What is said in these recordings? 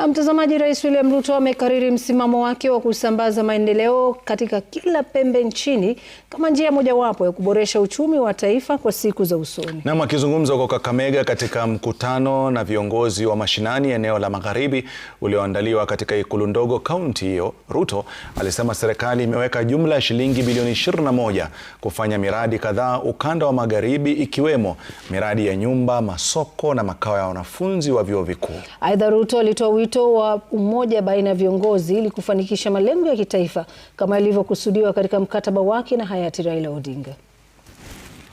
Na mtazamaji, Rais William Ruto amekariri msimamo wake wa kusambaza maendeleo katika kila pembe nchini kama njia mojawapo ya kuboresha uchumi wa taifa kwa siku za usoni. Nam akizungumza kwa Kakamega katika mkutano na viongozi wa mashinani eneo la Magharibi ulioandaliwa katika ikulu ndogo kaunti hiyo, Ruto alisema serikali imeweka jumla ya shilingi bilioni 21 kufanya miradi kadhaa ukanda wa Magharibi ikiwemo miradi ya nyumba, masoko na makao ya wanafunzi wa vyuo vikuu. Aidha, Ruto alitoa wito wa umoja baina ya viongozi ili kufanikisha malengo ya kitaifa kama ilivyokusudiwa katika mkataba wake na hayati Raila Odinga.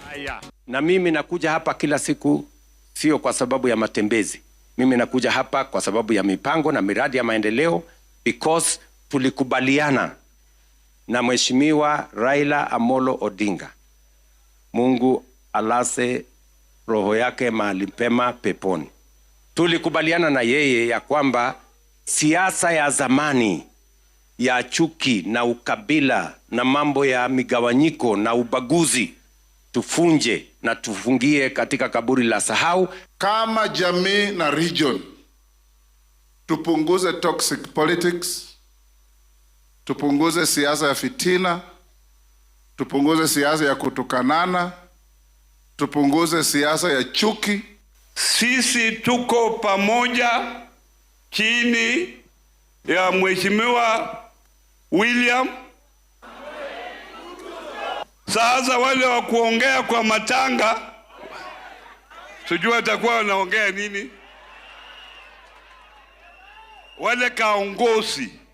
Haya, na mimi nakuja hapa kila siku, sio kwa sababu ya matembezi. Mimi nakuja hapa kwa sababu ya mipango na miradi ya maendeleo because tulikubaliana na Mheshimiwa Raila Amolo Odinga. Mungu alase roho yake mahali pema peponi. Tulikubaliana na yeye ya kwamba siasa ya zamani ya chuki na ukabila na mambo ya migawanyiko na ubaguzi tufunje na tufungie katika kaburi la sahau. Kama jamii na region, tupunguze toxic politics, tupunguze siasa ya fitina, tupunguze siasa ya kutukanana, tupunguze siasa ya chuki. Sisi tuko pamoja chini ya Mheshimiwa William. Sasa wale wa kuongea kwa matanga, sijua watakuwa wanaongea nini, wale kaongozi